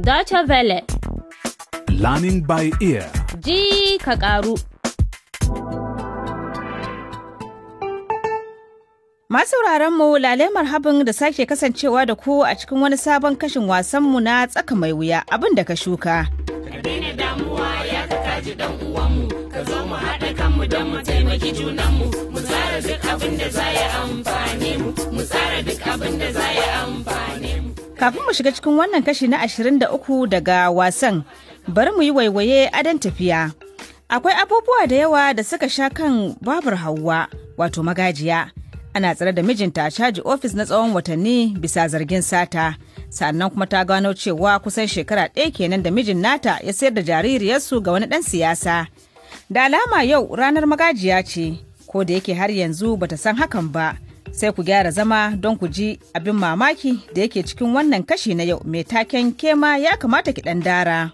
Dacha Vele. Learning by ear. Ji ka ƙaru. Masu mu lale marhabin da sake kasancewa da ku a cikin wani sabon kashin wasanmu na tsaka mai wuya abin da ka shuka. Ka damuwa ya uwanmu, ka zo mu haɗa kanmu don mu taimaki junanmu, mu tsara duk abin da za ya amfani mu, mu tsara duk abin da za ya amfani. Kafin mu shiga cikin wannan kashi na 23 daga wasan, bari mu yi waiwaye adon tafiya. Akwai abubuwa da yawa da suka sha kan babur Hauwa, wato magajiya. Ana tsare da mijinta a caji ofis na tsawon watanni bisa zargin sata. Sannan kuma ta gano cewa kusan shekara ɗaya kenan da mijin nata ya sayar da jaririyarsu ga wani ɗan siyasa. Da alama yau ranar magajiya ce, ko da yake har yanzu bata san hakan ba. sai ku gyara zama don ku ji abin mamaki da yake cikin wannan kashi na yau mai taken kema ya kamata ki ɗan dara.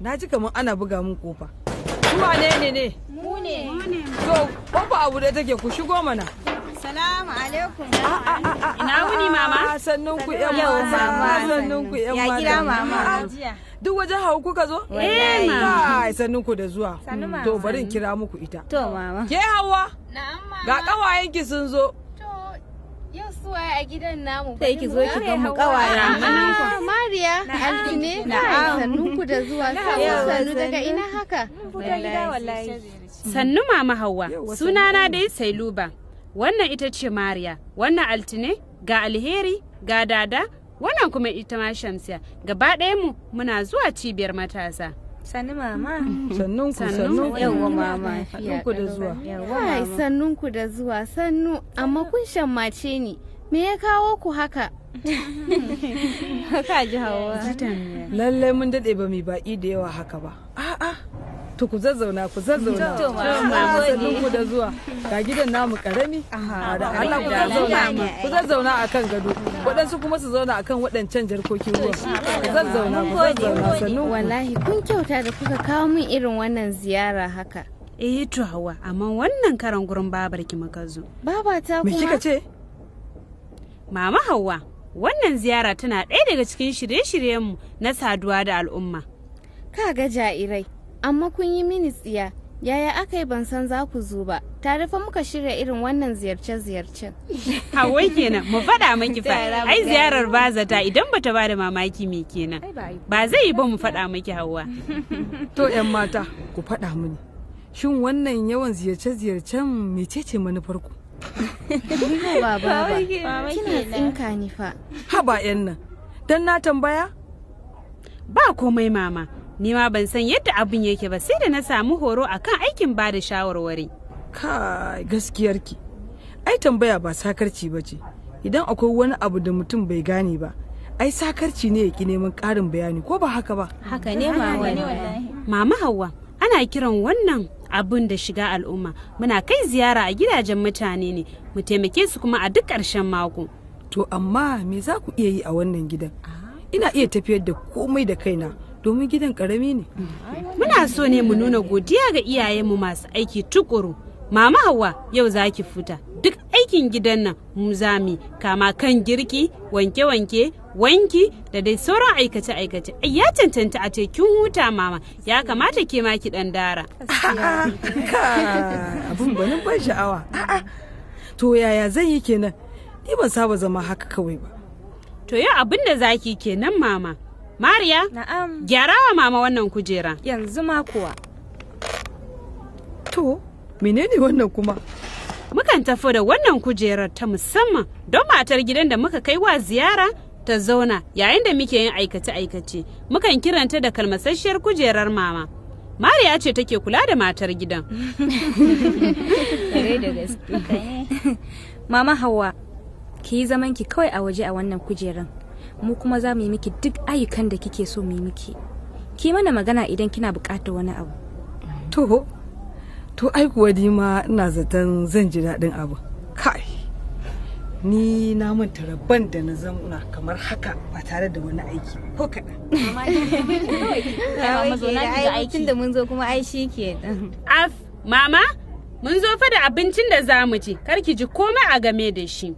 Na ji kamar ana buga mun kofa. Kuma ne ne ne? Mu ne. To, kofa abu da take ku shigo mana. Salamu alaikum. Ina wuni mama? Ah, sannun ku ƴan mata. Sannun ku ƴan mata. Ya gida mama. Ah, duk wajen hau kuka zo? Eh mama. Kai sannun ku da zuwa. Mm. To bari in kira muku ita. To mama. Ke hawa? Na'am mama. Ga kawayen ki sun zo. To Yau suwa a gidan namu. Sai ki zo ki ga mu kawaya. Ah, Mariya, alki ne? Na'am. Sannun ku da zuwa. Sannu daga ina haka? Mun fita gida wallahi. Sannu mama Hauwa. Sunana dai Sailuba. wannan ita ce mariya wannan altine ga alheri ga dada wannan kuma ita ma shamsiya gaba ɗaya mu muna zuwa cibiyar matasa sannu mama sannu ku yawa mama ku da zuwa ku da zuwa sannu amma kun shammace ni me ya kawo ku haka haka ji hawa lalle mun dade ba mai baki da yawa haka ba to ku zazzauna ku zazzauna ah, ku da zuwa ga gidan namu karami da Allah ku zazzauna ku zazzauna akan gado waɗansu kuma su zauna akan waɗancan jarkokin ruwa ku zazzauna ku zazzauna sannan wallahi kun kyauta da kuka kawo min irin wannan ziyara haka eh to hawa amma wannan karan gurin babarki muka zo ta kuma me kika ce mama hawa wannan ziyara tana ɗaya daga cikin shirye-shiryenmu na saduwa da al'umma ka ga jairai amma kun yi mini tsiya yaya aka yi ban san za ku zo ba tare fa muka shirya irin wannan ziyarce-ziyarcen hawa kenan mu faɗa maki fa ai ziyarar za ta idan bata ba da mamaki me kenan ba zai yi ba mu faɗa maki hawa to yan mata ku faɗa mini shin wannan yawan ziyarce-ziyarcen mecece manufar ku ba ba kina tsinka ni fa haba yan nan dan na tambaya ba komai mama ni ma ban san yadda abin yake ba sai da na samu horo akan aikin ba da shawarwari kai gaskiyarki ai tambaya ba sakarci ba ce idan akwai wani abu da mutum bai gane ba ai sakarci ne ya ki neman ƙarin bayani ko ba haka ba haka ne mama hawa ana kiran wannan abin da shiga al'umma muna kai ziyara a gidajen mutane ne mu taimake su kuma a duk ƙarshen mako to amma me za ku iya yi a wannan gidan ah. ina iya tafiyar da komai da kaina domin gidan karami ne mm. muna so ne mu nuna godiya ga iyayenmu masu aiki tukuru mama hawa yau za ki fita duk aikin gidan nan mu zami kama kan girki wanke-wanke wanki da dai sauran aikace-aikace ya cancanta a ce kin huta mama ya kamata ke ma ki dan dara abun banin ban sha'awa to yaya zan yi kenan ni ban saba zama haka kawai ba to yau abin da zaki kenan mama Mariya? Na'am. Gyara wa mama wannan kujera. Yanzu ma kuwa. To, menene wannan kuma? Mukan tafi da wannan kujerar ta musamman don matar gidan da muka kai wa ziyara ta zauna yayin da muke yin aikace-aikace. Mukan kiranta da kalmasasshiyar kujerar mama. Mariya ce take kula da matar gidan. Mama Hauwa, ki yi zamanki kawai a waje a wannan kujerar. mu kuma za mu yi miki duk ayyukan da kike so mu yi miki ki mana magana idan kina buƙatar wani abu to to ai kuwa ni ma ina zaton zan ji daɗin abu kai ni na manta rabban da na zamuna kamar haka ba tare da wani aiki ko kaɗan aikin da mun zo kuma ai shi ke af mama mun zo fa da abincin da za mu ci kar ki ji komai a game da shi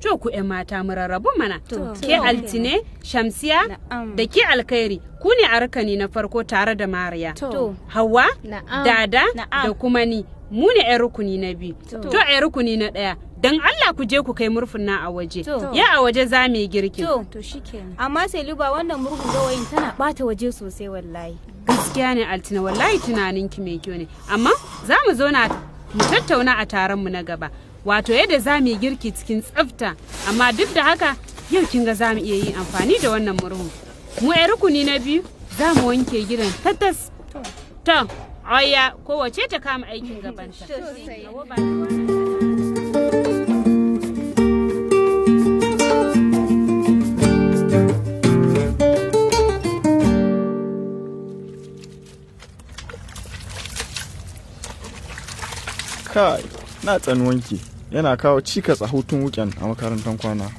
to ku 'yan mata mu rarrabu mana ke altine shamsiya da ke alkhairi ku ne a na farko tare da mariya hawa dada da kuma ni mu ne 'yan rukuni na biyu to 'yan rukuni na ɗaya don Allah ku je ku kai murfin na a waje ya a waje za mu yi girki to to amma sai luba wannan murhun gawayin tana bata waje sosai wallahi gaskiya ne altine wallahi tunaninki mai kyau ne amma za mu zo na mu tattauna a taron mu na gaba wato yadda za mu yi girki cikin tsafta amma duk da haka yau kin ga za mu iya yin amfani da wannan murhu mu yar rukuni na biyu za mu wanke gidan tatas to aya kowace ta kama aikin gabanta Kai. na wanki, yana kawo cikas a hutun wuken a makarantar kwana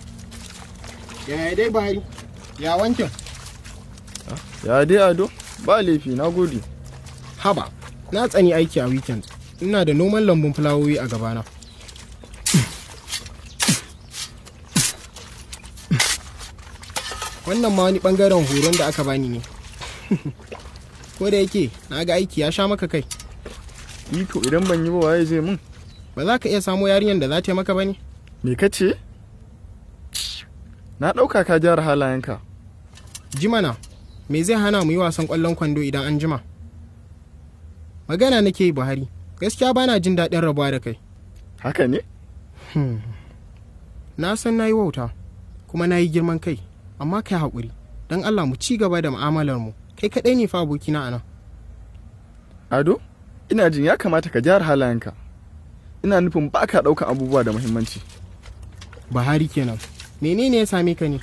yi dai ya wankin ya dai ado ba laifi na gode haba na tsani aiki a weekend ina da noman lambun fulawoyi a gabana wannan ma wani bangaren horon da aka bani ne ko da yake na ga aiki ya sha maka kai iko idan ban yi ba waye zai mun ba za ka iya samo yarinyar da za ta maka ba ne? Me ka ce? Na ɗauka ka gyara halayenka. Jimana, me zai hana mu yi wasan ƙwallon kwando idan an jima? Magana nake yi Buhari, gaskiya bana jin daɗin rabuwa da kai. Haka ne? Hmm. Na san na yi wauta, kuma na yi girman kai, amma kai haƙuri, don Allah mu ci gaba da mu'amalar mu, kai kaɗai ne fa abokina a nan. Ado, ina jin ya kamata ka gyara halayenka. ina nufin ba ka ɗaukan abubuwa da muhimmanci buhari kenan menene ya same ka ne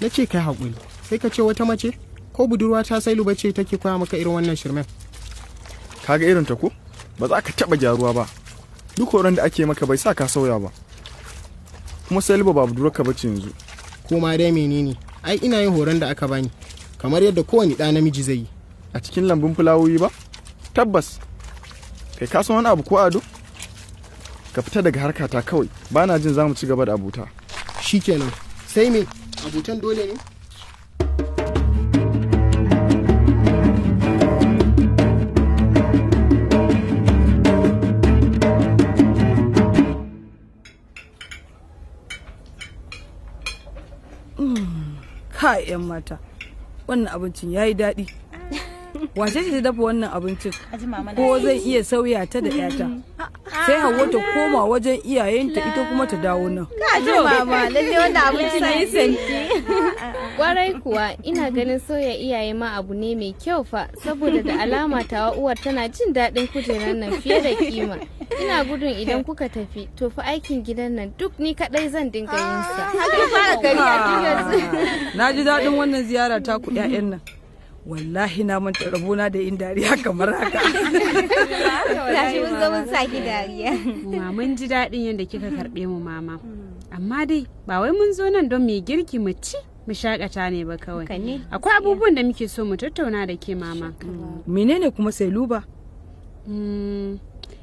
na ce kai haƙuri sai ka ce wata mace ko budurwa ta sailu ce take koya maka irin wannan shirmen ga irin ta ko ba za ka taɓa gyaruwa ba duk horon da ake maka bai sa ka sauya ba kuma sailu ba ka bace yanzu ko ma dai menene ai ina yin horon da aka bani kamar yadda kowane ɗa namiji zai yi a cikin lambun fulawoyi ba tabbas kai ka san wani abu ko ado ka fita daga harkata kawai ba na jin za mu ci gaba da abuta shikenan sai me abutan dole ne hmm. ka 'yan mata wannan abincin ya yi daɗi wace ce dafa wannan abincin ko zan iya sauya ta da yata sai hawa ta koma wajen iyayenta ita kuma ta dawo nan ka mama lalle wannan abincin ne sanki kwarai kuwa ina ganin sauya iyaye ma abu ne mai kyau fa saboda da alama tawa uwar tana jin daɗin kujerar nan fiye da kima ina gudun idan kuka tafi to fa aikin gidan nan duk ni kaɗai zan dinga yin sa ah, ah. na ji daɗin wannan ziyara ta ku 'ya'yan nan wallahi na manta rabona da yin dariya kamar haka gashi mun zo mun saki dariya kuma mun ji daɗin yadda kika karɓe mu mama amma dai ba wai mun zo nan don mu girki mu ci mu shakata ne ba kawai akwai abubuwan da muke so mu tattauna da ke mama menene kuma sai luba mm,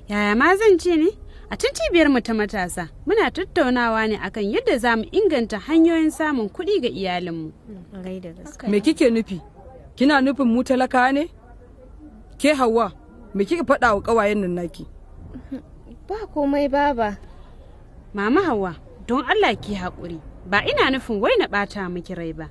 yaya ma zan ce ne a tun cibiyar mu ta matasa muna tattaunawa ne akan yadda za mu inganta hanyoyin samun kuɗi ga iyalinmu me kike nufi kina nufin mu talaka ne ke hawa me kika faɗa wa ƙawayen nan naki ba komai baba mama hawa don allah ki haƙuri ba ina nufin wai na ɓata miki rai ba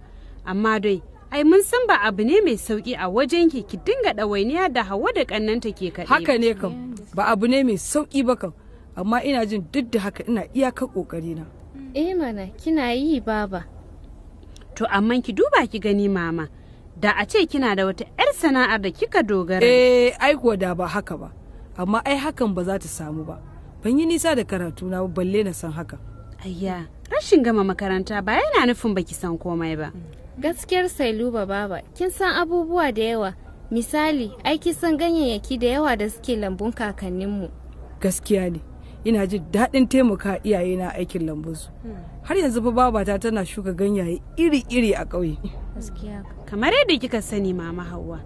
amma dai ai mun san ba abu ne mai sauki a wajen ki ki dinga ɗawainiya da hawa da ƙannanta ke kaɗai haka ne kam ba abu ne mai sauki ba kam amma ina jin duk da haka ina iyakar na eh mana kina yi baba to amma ki duba ki gani mama da a ce kina da wata 'yar sana'ar da kika dogara eh ai kuwa da ba haka ba amma ai hakan ba za ta samu ba ban yi nisa da karatu na balle na san haka ayya rashin gama makaranta ba yana nufin ba ki san komai ba gaskiyar sailu ba baba kin san abubuwa da yawa misali ai kin san ganyayyaki da yawa da suke lambun kakanninmu gaskiya ne ina jin daɗin taimaka na aikin lambunsu hmm. har yanzu ba babata tana shuka ganyaye iri-iri a ƙauye kamar yadda kika sani mama hawa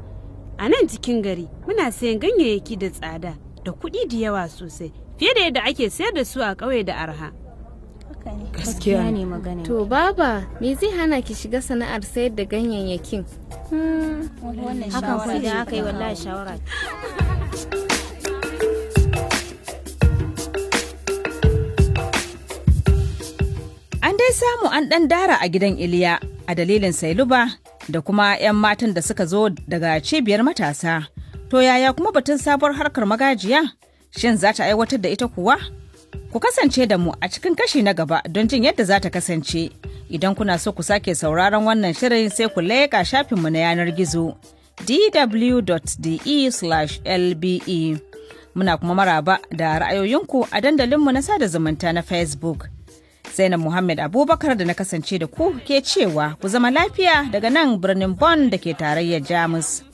a nan cikin gari muna sayan ganyayyaki da tsada da kuɗi da yawa sosai fiye da yadda ake sayar da su a ƙauye da arha gaskiya ne magana to baba me zai hana ki shiga sana'ar sayar da ganyayyakin hmm, an dai samu an ɗan dara a gidan iliya a dalilin sailuba da kuma 'yan matan da suka zo daga cibiyar matasa. To yaya kuma batun sabuwar harkar magajiya? Shin za ta aiwatar da ita kuwa? Ku kasance da mu a cikin kashi na gaba don jin yadda za ta kasance. Idan kuna so ku sake sauraron wannan shirin sai ku leƙa shafinmu na yanar gizo dw.de/lbe. Muna kuma maraba da ra'ayoyinku a dandalinmu na sada zumunta na Facebook. Zainab Muhammad Abubakar da na kasance da ku ke cewa ku zama lafiya daga nan birnin Bonn da ke tarayyar Jamus.